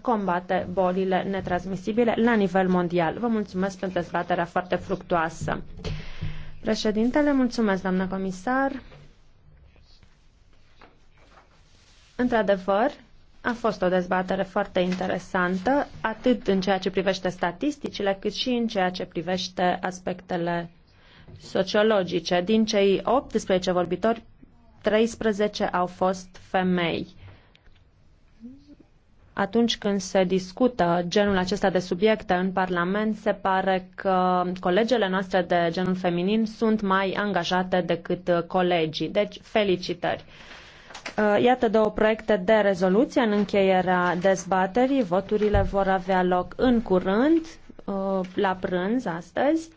combate bolile netransmisibile la nivel mondial. Vă mulțumesc pentru dezbaterea foarte fructuoasă. Președintele, mulțumesc, doamnă comisar. Într-adevăr, a fost o dezbatere foarte interesantă, atât în ceea ce privește statisticile, cât și în ceea ce privește aspectele sociologice. Din cei 18 vorbitori, 13 au fost femei atunci când se discută genul acesta de subiecte în Parlament, se pare că colegele noastre de genul feminin sunt mai angajate decât colegii. Deci, felicitări! Uh, iată două proiecte de rezoluție în încheierea dezbaterii. Voturile vor avea loc în curând, uh, la prânz astăzi.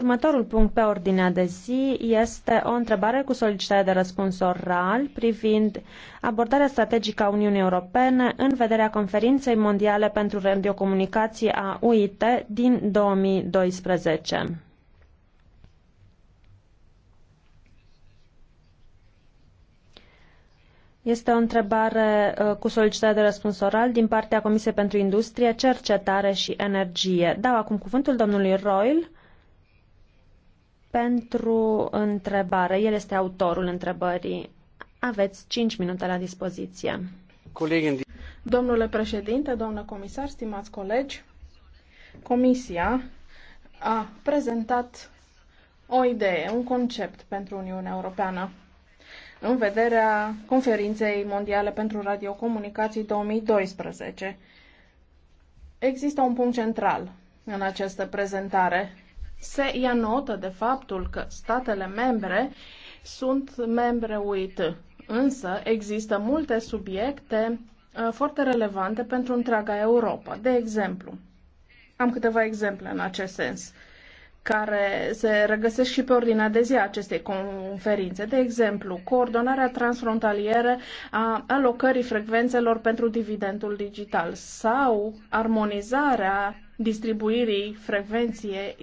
Următorul punct pe ordinea de zi este o întrebare cu solicitare de răspuns oral privind abordarea strategică a Uniunii Europene în vederea conferinței mondiale pentru radiocomunicații a UIT din 2012. Este o întrebare uh, cu solicitare de răspuns oral din partea Comisiei pentru Industrie, Cercetare și Energie. Dau acum cuvântul domnului Royle pentru întrebare. El este autorul întrebării. Aveți 5 minute la dispoziție. Colegii... Domnule președinte, doamnă comisar, stimați colegi, Comisia a prezentat o idee, un concept pentru Uniunea Europeană în vederea Conferinței Mondiale pentru Radiocomunicații 2012. Există un punct central în această prezentare se ia notă de faptul că statele membre sunt membre UIT, însă există multe subiecte uh, foarte relevante pentru întreaga Europa. De exemplu, am câteva exemple în acest sens care se regăsesc și pe ordinea de zi a acestei conferințe. De exemplu, coordonarea transfrontalieră a alocării frecvențelor pentru dividendul digital sau armonizarea distribuirii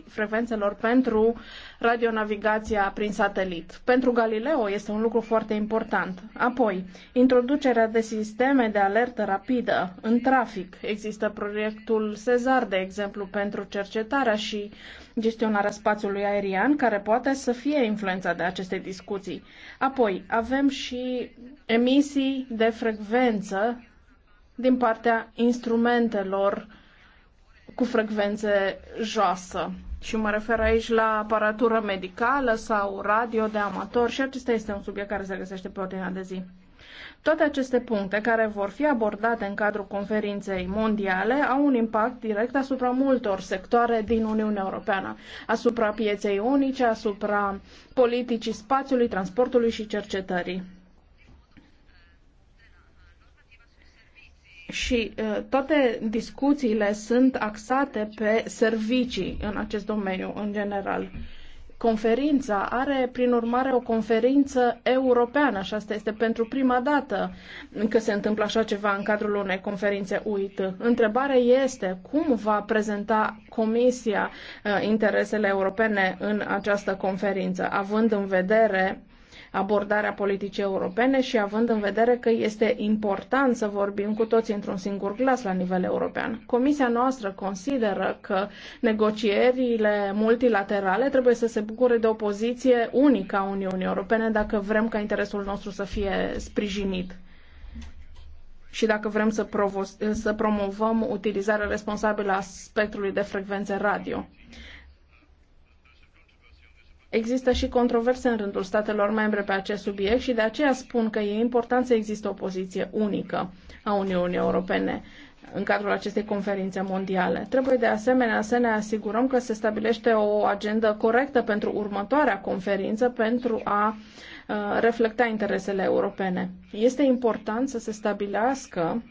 frecvențelor pentru radionavigația prin satelit. Pentru Galileo este un lucru foarte important. Apoi, introducerea de sisteme de alertă rapidă în trafic. Există proiectul Cezar, de exemplu, pentru cercetarea și gestionarea spațiului aerian, care poate să fie influența de aceste discuții. Apoi, avem și emisii de frecvență din partea instrumentelor cu frecvențe joasă. Și mă refer aici la aparatură medicală sau radio de amator și acesta este un subiect care se găsește pe ordinea de zi. Toate aceste puncte, care vor fi abordate în cadrul conferinței mondiale, au un impact direct asupra multor sectoare din Uniunea Europeană, asupra pieței unice, asupra politicii spațiului, transportului și cercetării. Și toate discuțiile sunt axate pe servicii în acest domeniu, în general. Conferința are, prin urmare, o conferință europeană și asta este pentru prima dată că se întâmplă așa ceva în cadrul unei conferințe UIT. Întrebarea este cum va prezenta Comisia interesele europene în această conferință, având în vedere abordarea politicii europene și având în vedere că este important să vorbim cu toți într-un singur glas la nivel european. Comisia noastră consideră că negocierile multilaterale trebuie să se bucure de o poziție unică a Uniunii Europene dacă vrem ca interesul nostru să fie sprijinit și dacă vrem să, să promovăm utilizarea responsabilă a spectrului de frecvențe radio. Există și controverse în rândul statelor membre pe acest subiect și de aceea spun că e important să există o poziție unică a Uniunii Europene în cadrul acestei conferințe mondiale. Trebuie de asemenea să ne asigurăm că se stabilește o agendă corectă pentru următoarea conferință pentru a reflecta interesele europene. Este important să se stabilească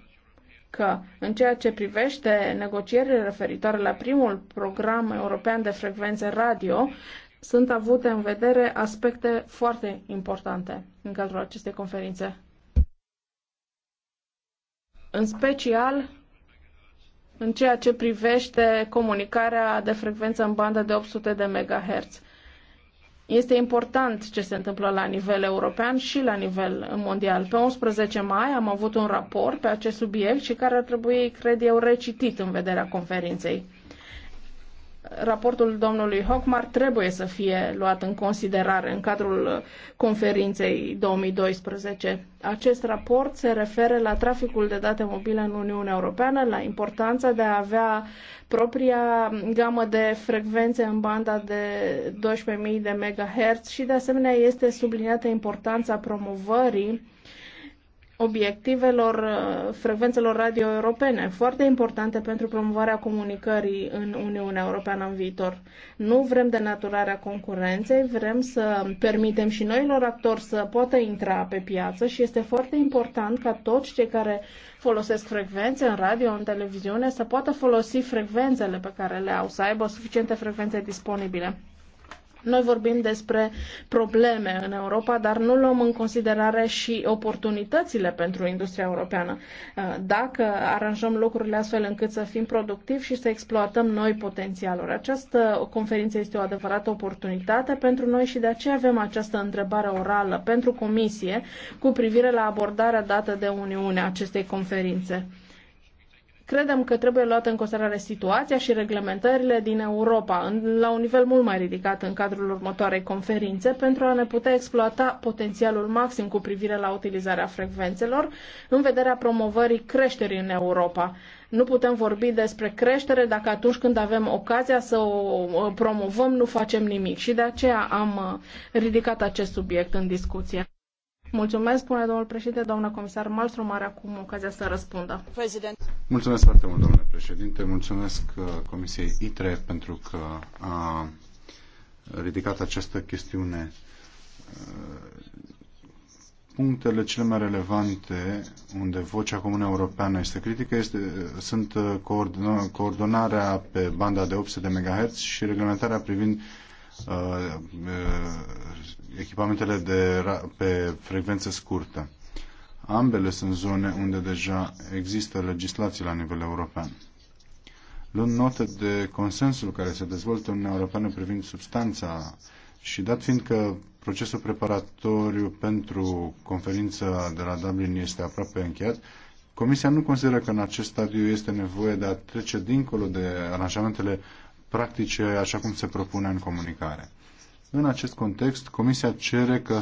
că în ceea ce privește negocierile referitoare la primul program european de frecvențe radio, sunt avute în vedere aspecte foarte importante în cadrul acestei conferințe. În special în ceea ce privește comunicarea de frecvență în bandă de 800 de MHz. Este important ce se întâmplă la nivel european și la nivel mondial. Pe 11 mai am avut un raport pe acest subiect și care ar trebui, cred eu, recitit în vederea conferinței raportul domnului Hochmar trebuie să fie luat în considerare în cadrul conferinței 2012. Acest raport se referă la traficul de date mobile în Uniunea Europeană, la importanța de a avea propria gamă de frecvențe în banda de 12.000 de MHz și de asemenea este subliniată importanța promovării obiectivelor uh, frecvențelor radio europene, foarte importante pentru promovarea comunicării în Uniunea Europeană în viitor. Nu vrem denaturarea concurenței, vrem să permitem și noilor actori să poată intra pe piață și este foarte important ca toți cei care folosesc frecvențe în radio, în televiziune, să poată folosi frecvențele pe care le au, să aibă suficiente frecvențe disponibile. Noi vorbim despre probleme în Europa, dar nu luăm în considerare și oportunitățile pentru industria europeană. Uh, dacă aranjăm lucrurile astfel încât să fim productivi și să exploatăm noi potențialuri. Această conferință este o adevărată oportunitate pentru noi și de aceea avem această întrebare orală pentru Comisie cu privire la abordarea dată de Uniune acestei conferințe. Credem că trebuie luată în considerare situația și reglementările din Europa în, la un nivel mult mai ridicat în cadrul următoarei conferințe pentru a ne putea exploata potențialul maxim cu privire la utilizarea frecvențelor în vederea promovării creșterii în Europa. Nu putem vorbi despre creștere dacă atunci când avem ocazia să o promovăm nu facem nimic și de aceea am uh, ridicat acest subiect în discuție. Mulțumesc, spune domnul președinte, doamna comisar Malstrom are acum ocazia să răspundă. President. Mulțumesc foarte mult, domnule președinte. Mulțumesc uh, Comisiei ITRE pentru că a ridicat această chestiune. Uh, punctele cele mai relevante unde vocea comună europeană este critică este, uh, sunt coordonarea pe banda de 800 de MHz și reglementarea privind Uh, uh, echipamentele de, pe frecvențe scurtă. Ambele sunt zone unde deja există legislații la nivel european. Luând notă de consensul care se dezvoltă în Uniunea Europeană privind substanța și dat fiind că procesul preparatoriu pentru conferința de la Dublin este aproape încheiat, Comisia nu consideră că în acest stadiu este nevoie de a trece dincolo de aranjamentele practice așa cum se propune în comunicare. În acest context, Comisia cere ca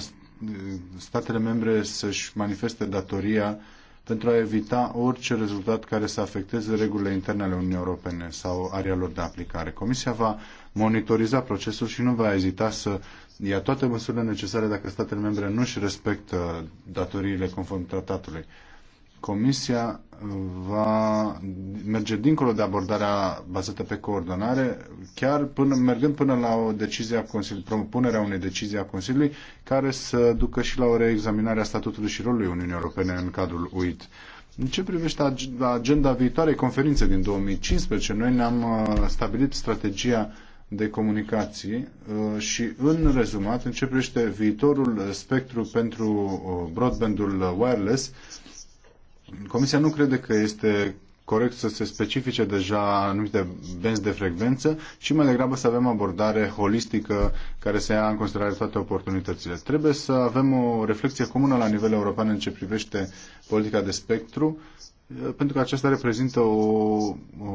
statele membre să-și manifeste datoria pentru a evita orice rezultat care să afecteze regulile interne ale Uniunii Europene sau area lor de aplicare. Comisia va monitoriza procesul și nu va ezita să ia toate măsurile necesare dacă statele membre nu își respectă datoriile conform tratatului. Comisia uh, va merge dincolo de abordarea bazată pe coordonare, chiar până, mergând până la o decizie a Consiliului, propunerea unei decizii a Consiliului, care să ducă și la o reexaminare a statutului și rolului Uniunii Europene în cadrul UIT. În ce privește agenda viitoarei conferințe din 2015, noi ne-am uh, stabilit strategia de comunicații uh, și în rezumat, în ce privește viitorul spectru pentru broadbandul wireless, Comisia nu crede că este corect să se specifice deja anumite benzi de frecvență și mai degrabă să avem abordare holistică care să ia în considerare toate oportunitățile. Trebuie să avem o reflexie comună la nivel european în ce privește politica de spectru, pentru că aceasta reprezintă o, o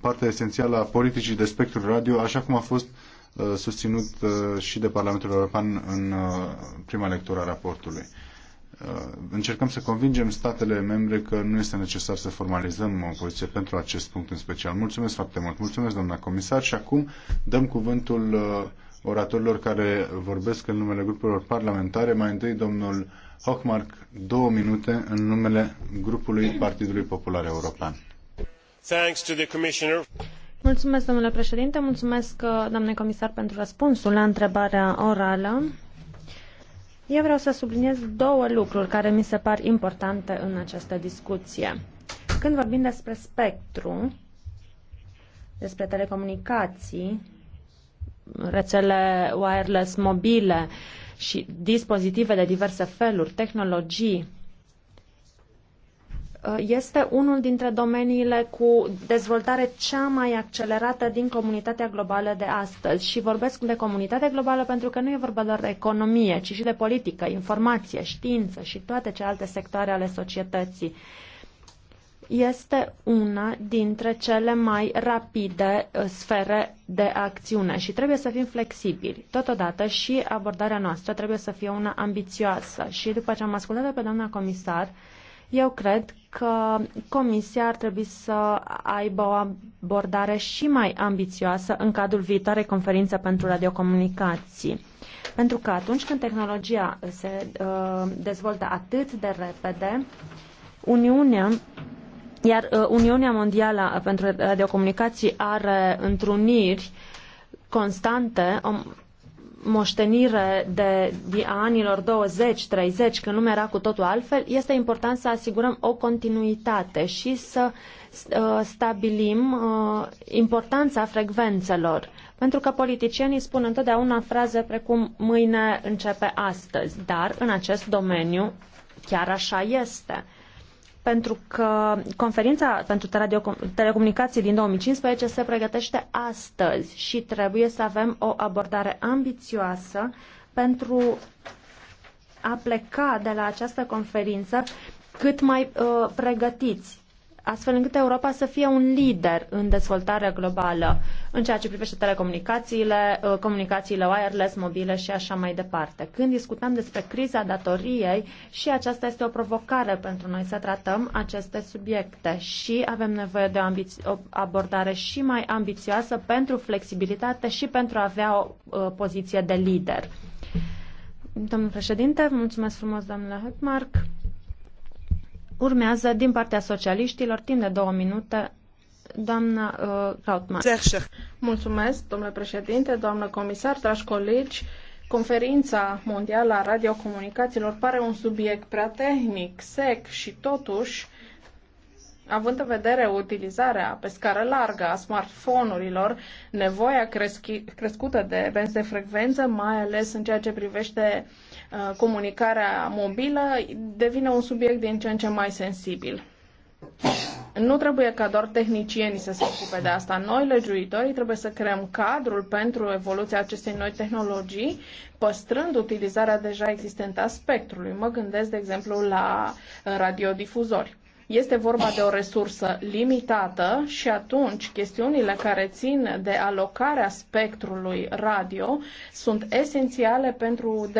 parte esențială a politicii de spectru radio, așa cum a fost uh, susținut uh, și de Parlamentul European în uh, prima lectură a raportului. Uh, Uh, încercăm să convingem statele membre că nu este necesar să formalizăm o poziție pentru acest punct în special. Mulțumesc foarte mult. Mulțumesc, doamna comisar. Și acum dăm cuvântul uh, oratorilor care vorbesc în numele grupurilor parlamentare. Mai întâi, domnul Hochmark, două minute în numele grupului Partidului Popular European. Thanks to the commissioner. Mulțumesc, domnule președinte. Mulțumesc, uh, doamne comisar, pentru răspunsul la întrebarea orală. Eu vreau să subliniez două lucruri care mi se par importante în această discuție. Când vorbim despre spectru, despre telecomunicații, rețele wireless mobile și dispozitive de diverse feluri, tehnologii, Uh, este unul dintre domeniile cu dezvoltare cea mai accelerată din comunitatea globală de astăzi. Și vorbesc de comunitate globală pentru că nu e vorba doar de economie, ci și de politică, informație, știință și toate celelalte sectoare ale societății. Este una dintre cele mai rapide uh, sfere de acțiune și trebuie să fim flexibili. Totodată și abordarea noastră trebuie să fie una ambițioasă. Și după ce am ascultat pe doamna comisar, uh, eu cred că Comisia ar trebui să aibă o abordare și mai ambițioasă în cadrul viitoarei conferințe pentru radiocomunicații. Pentru că atunci când tehnologia se uh, dezvoltă atât de repede, Uniunea iar uh, Uniunea Mondială pentru Radiocomunicații are întruniri constante, um, moștenire de, de anilor 20-30, când lumea era cu totul altfel, este important să asigurăm o continuitate și să uh, stabilim uh, importanța frecvențelor. Pentru că politicienii spun întotdeauna fraze precum mâine începe astăzi, dar în acest domeniu chiar așa este. Uh, pentru că conferința pentru telecomunicații din 2015 se pregătește astăzi și trebuie să avem o abordare ambițioasă pentru a pleca de la această conferință cât mai uh, pregătiți astfel încât Europa să fie un lider în dezvoltarea globală în ceea ce privește telecomunicațiile, uh, comunicațiile wireless, mobile și așa mai departe. Când discutăm despre criza datoriei și aceasta este o provocare pentru noi să tratăm aceste subiecte și avem nevoie de o, o abordare și mai ambițioasă pentru flexibilitate și pentru a avea o, o uh, poziție de lider. Domnul președinte, mulțumesc frumos, domnule Höckmark. Urmează, din partea socialiștilor, timp de două minute, doamna uh, Krautmann. Mulțumesc, domnule președinte, doamnă comisar, dragi colegi. Conferința Mondială a Radiocomunicațiilor pare un subiect prea tehnic, sec și totuși, având în vedere utilizarea pe scară largă a smartphone-urilor, nevoia crescută de benzi de frecvență, mai ales în ceea ce privește uh, Uh, comunicarea mobilă devine un subiect din ce în ce mai sensibil. Nu trebuie ca doar tehnicienii să se ocupe de asta. Noi, legiuitorii, trebuie să creăm cadrul pentru evoluția acestei noi tehnologii, păstrând utilizarea deja existentă a spectrului. Mă gândesc, de exemplu, la radiodifuzori. Este vorba de o resursă limitată și atunci chestiunile care țin de alocarea spectrului radio sunt esențiale pentru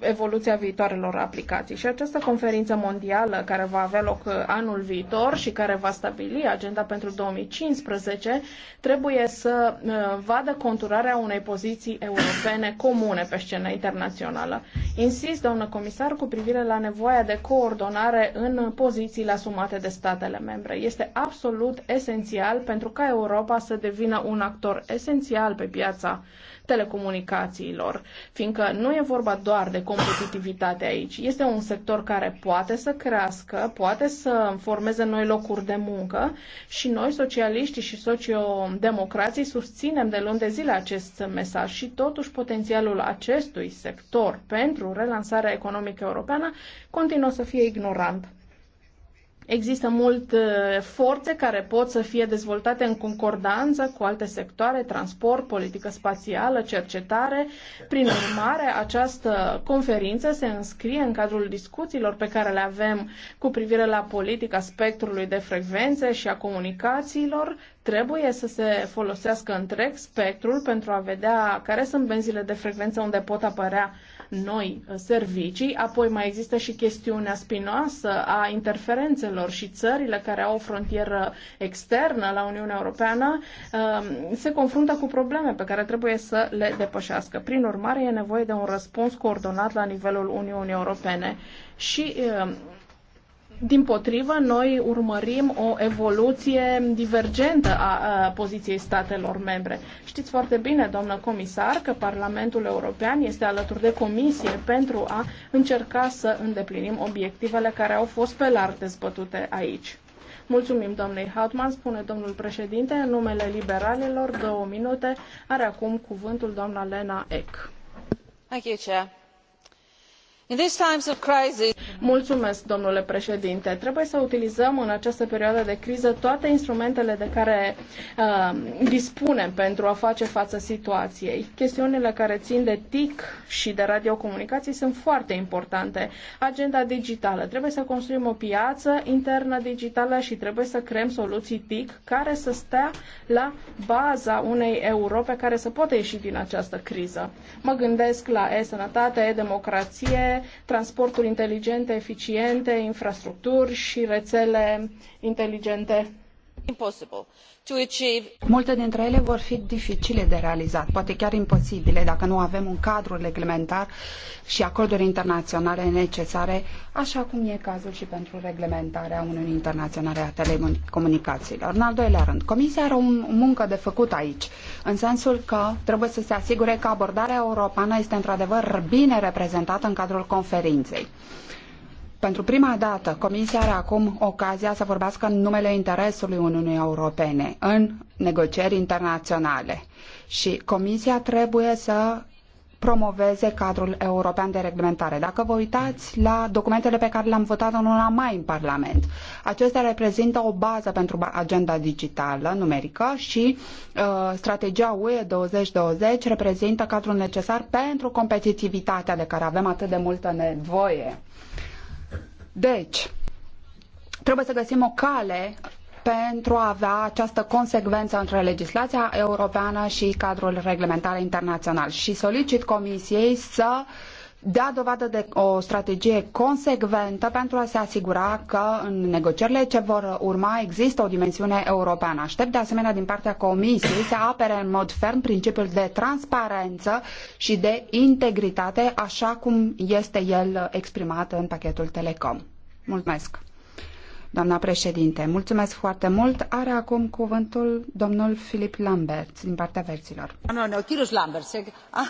evoluția viitoarelor aplicații. Și această conferință mondială care va avea loc uh, anul viitor și care va stabili agenda pentru 2015 trebuie să uh, vadă conturarea unei poziții europene comune pe scena internațională. Insist, doamnă comisar, cu privire la nevoia de coordonare în pozițiile asumate realizate de statele membre. Este absolut esențial pentru ca Europa să devină un actor esențial pe piața telecomunicațiilor, fiindcă nu e vorba doar de competitivitate aici. Este un sector care poate să crească, poate să formeze noi locuri de muncă și noi, socialiștii și sociodemocrații, susținem de luni de zile acest mesaj și totuși potențialul acestui sector pentru relansarea economică europeană continuă să fie ignorant. Există multe uh, forțe care pot să fie dezvoltate în concordanță cu alte sectoare, transport, politică spațială, cercetare. Prin urmare, această conferință se înscrie în cadrul discuțiilor pe care le avem cu privire la politica spectrului de frecvențe și a comunicațiilor. Trebuie să se folosească întreg spectrul pentru a vedea care sunt benzile de frecvență unde pot apărea noi uh, servicii. Apoi mai există și chestiunea spinoasă a interferențelor și țările care au o frontieră externă la Uniunea Europeană um, se confruntă cu probleme pe care trebuie să le depășească. Prin urmare, e nevoie de un răspuns coordonat la nivelul Uniunii Europene și um, din potrivă, noi urmărim o evoluție divergentă a, a poziției statelor membre. Știți foarte bine, doamnă comisar, că Parlamentul European este alături de Comisie pentru a încerca să îndeplinim obiectivele care au fost pe larg dezbătute aici. Mulțumim doamnei Hautman, spune domnul președinte. În numele liberalilor, două minute, are acum cuvântul doamna Lena Eck. Thank you, Chair. Mulțumesc, domnule președinte. Trebuie să utilizăm în această perioadă de criză toate instrumentele de care uh, dispunem pentru a face față situației. Chestiunile care țin de TIC și de radiocomunicații sunt foarte importante. Agenda digitală. Trebuie să construim o piață internă digitală și trebuie să creăm soluții TIC care să stea la baza unei Europe care să poată ieși din această criză. Mă gândesc la e-sănătate, e-democrație, transporturi inteligente, eficiente, infrastructuri și rețele inteligente. Multe dintre ele vor fi dificile de realizat, poate chiar imposibile, dacă nu avem un cadru reglementar și acorduri internaționale necesare, așa cum e cazul și pentru reglementarea Uniunii Internaționale a Telecomunicațiilor. În al doilea rând, Comisia are o muncă de făcut aici în sensul că trebuie să se asigure că abordarea europeană este într-adevăr bine reprezentată în cadrul conferinței. Pentru prima dată, Comisia are acum ocazia să vorbească în numele interesului Uniunii Europene în negocieri internaționale și Comisia trebuie să promoveze cadrul european de reglementare. Dacă vă uitați la documentele pe care le-am votat în luna mai în Parlament, acestea reprezintă o bază pentru agenda digitală numerică și uh, strategia UE 2020 reprezintă cadrul necesar pentru competitivitatea de care avem atât de multă nevoie. Deci, trebuie să găsim o cale pentru a avea această consecvență între legislația europeană și cadrul reglementar internațional. Și solicit Comisiei să dea dovadă de o strategie consecventă pentru a se asigura că în negocierile ce vor urma există o dimensiune europeană. Aștept de asemenea din partea Comisiei să apere în mod ferm principiul de transparență și de integritate, așa cum este el exprimat în pachetul Telecom. Mulțumesc! doamna președinte. Mulțumesc foarte mult. Are acum cuvântul domnul Filip Lambert din partea verzilor. Ah, nu, no, nu, no, Kirus Lambert, ah,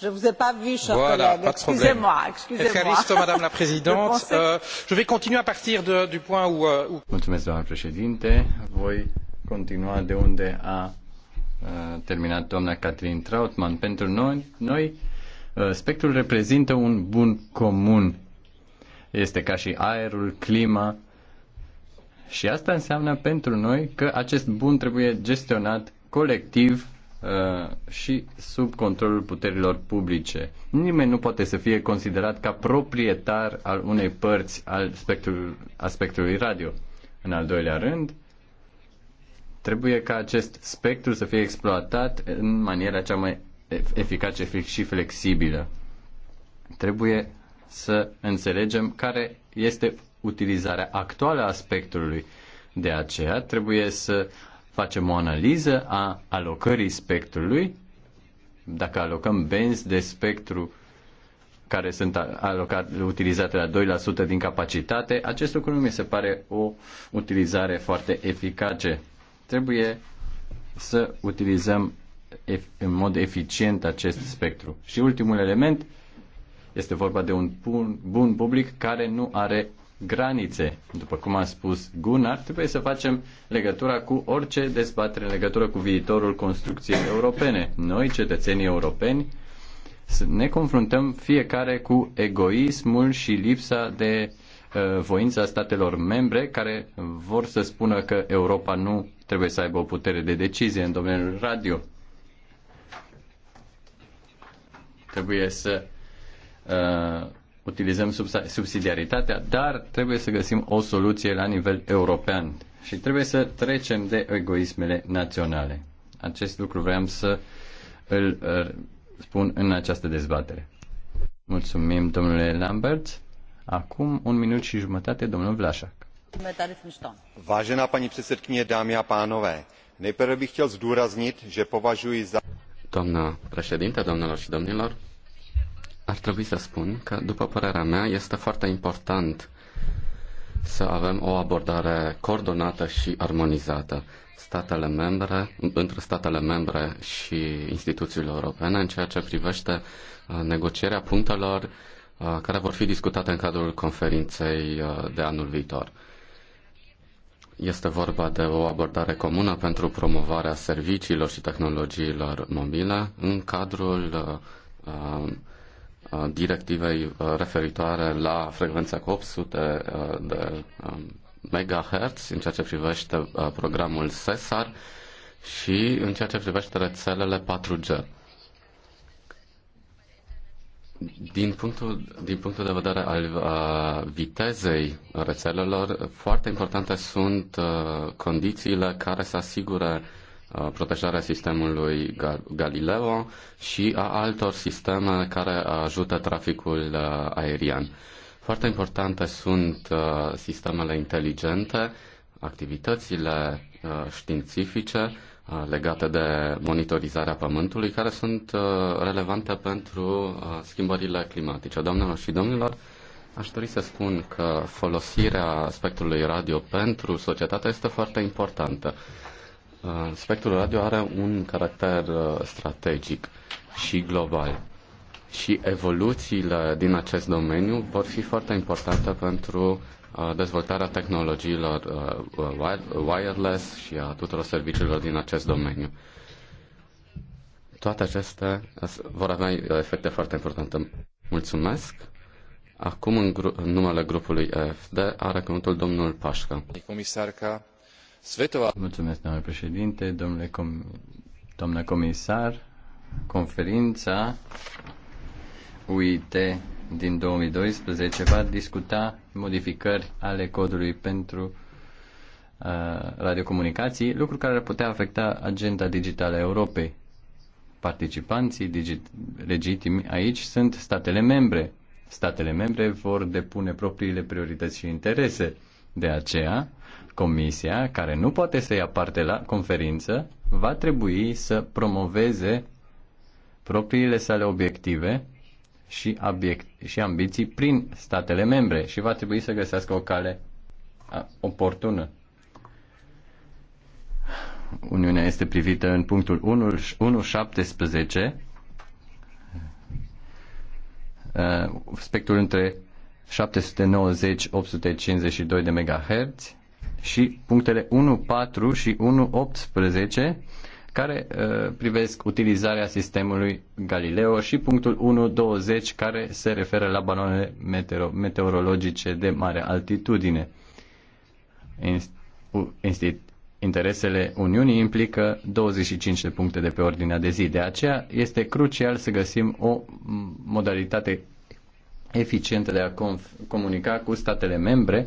je vous ai pas vu, cher voilà, collègue. Excusez-moi, excusez-moi. Evharisto, madame la présidente. euh, je vais continuer à partir de, du point où, euh, où... Mulțumesc, doamna președinte. Voi continua de unde a uh, terminat doamna Catherine Trautmann. Pentru noi, noi uh, spectrul reprezintă un bun comun. Este ca și aerul, clima, și asta înseamnă pentru noi că acest bun trebuie gestionat colectiv uh, și sub controlul puterilor publice. Nimeni nu poate să fie considerat ca proprietar al unei părți al spectrului, a spectrului radio. În al doilea rând, trebuie ca acest spectru să fie exploatat în maniera cea mai eficace și flexibilă. Trebuie să înțelegem care este utilizarea actuală a spectrului. De aceea trebuie să facem o analiză a alocării spectrului. Dacă alocăm benzi de spectru care sunt alocate, utilizate la 2% din capacitate, acest lucru nu mi se pare o utilizare foarte eficace. Trebuie să utilizăm în mod eficient acest spectru. Și ultimul element este vorba de un bun public care nu are granițe. După cum a spus Gunnar, trebuie să facem legătura cu orice dezbatere în legătură cu viitorul construcției europene. Noi, cetățenii europeni, ne confruntăm fiecare cu egoismul și lipsa de uh, voința statelor membre care vor să spună că Europa nu trebuie să aibă o putere de decizie în domeniul radio. Trebuie să uh, utilizăm subsidiaritatea, dar trebuie să găsim o soluție la nivel european și trebuie să trecem de egoismele naționale. Acest lucru vreau să îl uh, spun în această dezbatere. Mulțumim, domnule Lambert. Acum un minut și jumătate, domnul Vlașac. Vážená paní předsedkyně, dámy a pánové, nejprve bych chtěl zdůraznit, že považuji za... Domnul președinte, domnilor și domnilor, ar trebui să spun că, după părerea mea, este foarte important să avem o abordare coordonată și armonizată statele membre, între statele membre și instituțiile europene în ceea ce privește uh, negocierea punctelor uh, care vor fi discutate în cadrul conferinței uh, de anul viitor. Este vorba de o abordare comună pentru promovarea serviciilor și tehnologiilor mobile în cadrul directivei uh, referitoare la frecvența cu 800 uh, de MHz um, în ceea ce privește uh, programul SESAR și în ceea ce privește rețelele 4G. Din punctul, din punctul de vedere al vitezei rețelelor, foarte importante sunt condițiile care să asigure Uh, protejarea sistemului Galileo și a altor sisteme care ajută traficul uh, aerian. Foarte importante sunt uh, sistemele inteligente, activitățile științifice legate de monitorizarea Pământului, care sunt relevante pentru schimbările climatice. Doamnelor și domnilor, Aș dori să spun că folosirea spectrului radio pentru societate este foarte importantă. Uh, spectrul radio are un caracter uh, strategic și global. Și evoluțiile din acest domeniu vor fi foarte importante pentru uh, dezvoltarea tehnologiilor wireless și a tuturor serviciilor din acest domeniu. Toate acestea vor avea efecte foarte importante. Mulțumesc! Acum, în, gru- în numele grupului EFD, are cuvântul domnul Pașca. Comisarca, Svetová... Mulțumesc, președinte, domnule com... comisar. Conferința UIT din 2012 va discuta modificări ale codului pentru uh, radiocomunicații, lucru care ar putea afecta agenda digitală a Europei. Participanții digit- legitimi aici sunt statele membre. Statele membre vor depune propriile priorități și interese. De aceea, Comisia, care nu poate să ia parte la conferință, va trebui să promoveze propriile sale obiective și, obiect- și ambiții prin statele membre și va trebui să găsească o cale oportună. Uniunea este privită în punctul 1.17 spectrul între 790-852 de MHz și punctele 1.4 și 1.18 care uh, privesc utilizarea sistemului Galileo și punctul 1.20 care se referă la balonele meteoro- meteorologice de mare altitudine. Inst- interesele Uniunii implică 25 de puncte de pe ordinea de zi. De aceea este crucial să găsim o modalitate eficientă de a comunica cu statele membre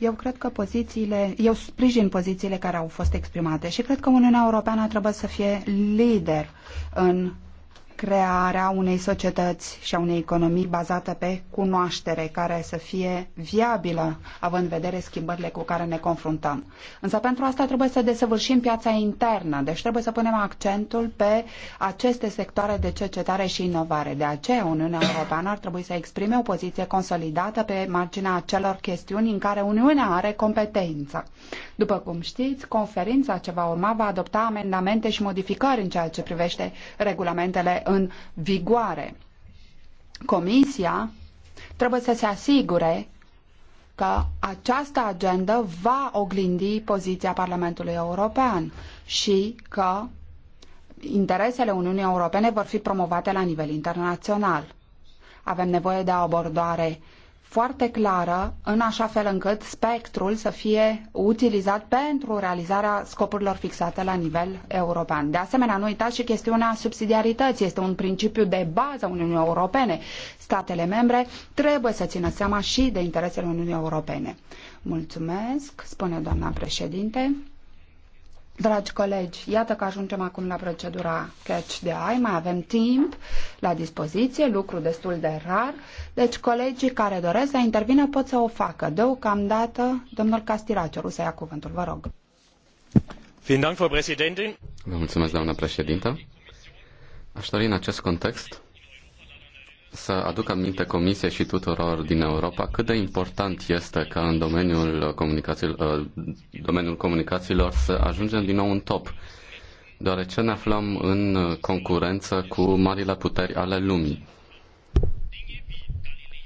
Eu cred că pozițiile, eu sprijin pozițiile care au fost exprimate și cred că Uniunea Europeană trebuie să fie lider în crearea unei societăți și a unei economii bazate pe cunoaștere, care să fie viabilă, având în vedere schimbările cu care ne confruntăm. Însă pentru asta trebuie să desăvârșim piața internă, deci trebuie să punem accentul pe aceste sectoare de cercetare și inovare. De aceea Uniunea Europeană ar trebui să exprime o poziție consolidată pe marginea acelor chestiuni în care Uniunea are competență. După cum știți, conferința ce va urma va adopta amendamente și modificări în ceea ce privește regulamentele în vigoare. Comisia trebuie să se asigure că această agendă va oglindi poziția Parlamentului European și că interesele Uniunii Europene vor fi promovate la nivel internațional. Avem nevoie de o abordare foarte clară, în așa fel încât spectrul să fie utilizat pentru realizarea scopurilor fixate la nivel european. De asemenea, nu uitați și chestiunea subsidiarității. Este un principiu de bază a Uniunii Europene. Statele membre trebuie să țină seama și de interesele Uniunii Europene. Mulțumesc, spune doamna președinte. Dragi colegi, iată că ajungem acum la procedura catch de ai, mai avem timp la dispoziție, lucru destul de rar, deci colegii care doresc să intervină pot să o facă. Deocamdată, domnul Castiraciu, să ia cuvântul, vă rog. Vă mulțumesc, doamnă președintă. Aș dori în acest context să aduc aminte Comisiei și tuturor din Europa cât de important este ca în domeniul, comunicațiilor, uh, domeniul comunicațiilor să ajungem din nou în top, deoarece ne aflăm în concurență cu marile puteri ale lumii.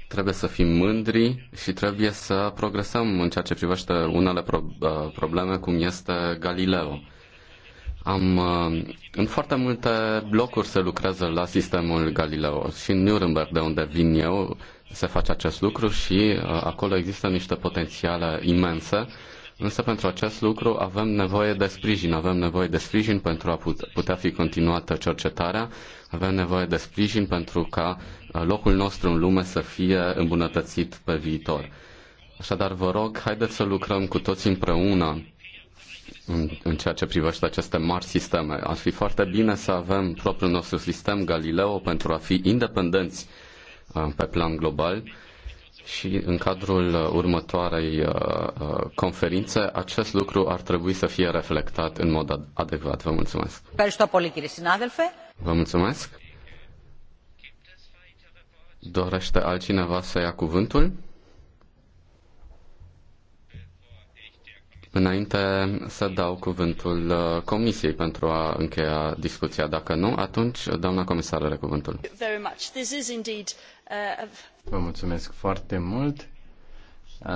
Trebuie să fim mândri și trebuie să progresăm în ceea ce privește unele pro- uh, probleme cum este Galileo am, uh, în foarte multe blocuri se lucrează la sistemul Galileo și în Nuremberg, de unde vin eu, se face acest lucru și uh, acolo există niște potențiale imense, însă pentru acest lucru avem nevoie de sprijin, avem nevoie de sprijin pentru a putea fi continuată cercetarea, avem nevoie de sprijin pentru ca uh, locul nostru în lume să fie îmbunătățit pe viitor. Așadar, vă rog, haideți să lucrăm cu toți împreună în, în ceea ce privește aceste mari sisteme. Ar fi foarte bine să avem propriul nostru sistem Galileo pentru a fi independenți uh, pe plan global și în cadrul uh, următoarei uh, conferințe acest lucru ar trebui să fie reflectat în mod adecvat. Vă mulțumesc. Vă mulțumesc. Dorește altcineva să ia cuvântul? înainte să dau cuvântul uh, Comisiei pentru a încheia discuția. Dacă nu, atunci uh, doamna comisar are cuvântul. Uh, Vă mulțumesc foarte mult.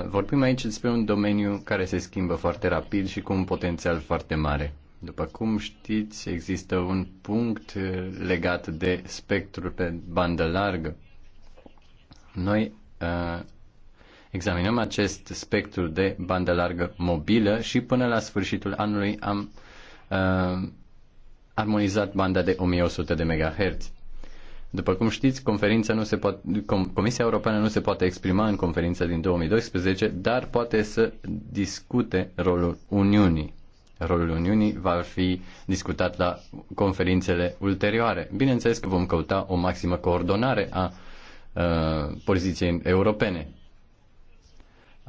Vorbim aici despre un domeniu care se schimbă foarte rapid și cu un potențial foarte mare. După cum știți, există un punct legat de spectrul pe bandă largă. Noi Examinăm acest spectru de bandă largă mobilă și până la sfârșitul anului am uh, armonizat banda de 1100 de MHz. După cum știți, conferința nu se poate, Com- Comisia Europeană nu se poate exprima în conferința din 2012, dar poate să discute rolul Uniunii. Rolul Uniunii va fi discutat la conferințele ulterioare. Bineînțeles că vom căuta o maximă coordonare a uh, poziției europene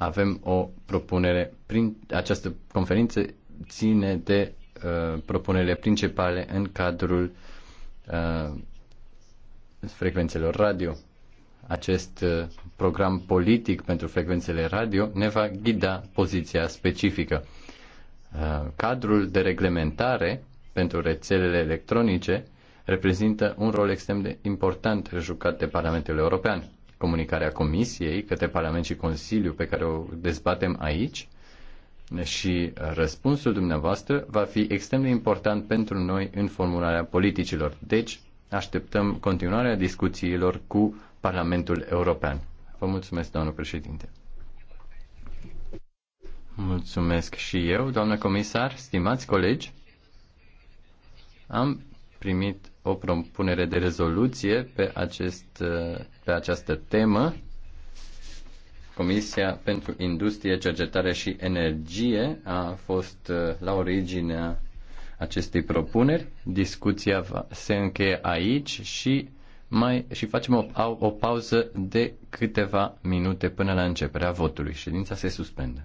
avem o propunere, prin această conferință ține de uh, propunerile principale în cadrul uh, frecvențelor radio. Acest uh, program politic pentru frecvențele radio ne va ghida poziția specifică. Uh, cadrul de reglementare pentru rețelele electronice reprezintă un rol extrem de important jucat de Parlamentul European comunicarea Comisiei către Parlament și Consiliu pe care o dezbatem aici și răspunsul dumneavoastră va fi extrem de important pentru noi în formularea politicilor. Deci, așteptăm continuarea discuțiilor cu Parlamentul European. Vă mulțumesc, doamnă președinte. Mulțumesc și eu, doamnă comisar, stimați colegi. Am primit o propunere de rezoluție pe, acest, pe această temă. Comisia pentru Industrie, Cercetare și Energie a fost uh, la originea acestei propuneri. Discuția se încheie aici și mai și facem o, o pauză de câteva minute până la începerea votului. Ședința se suspendă.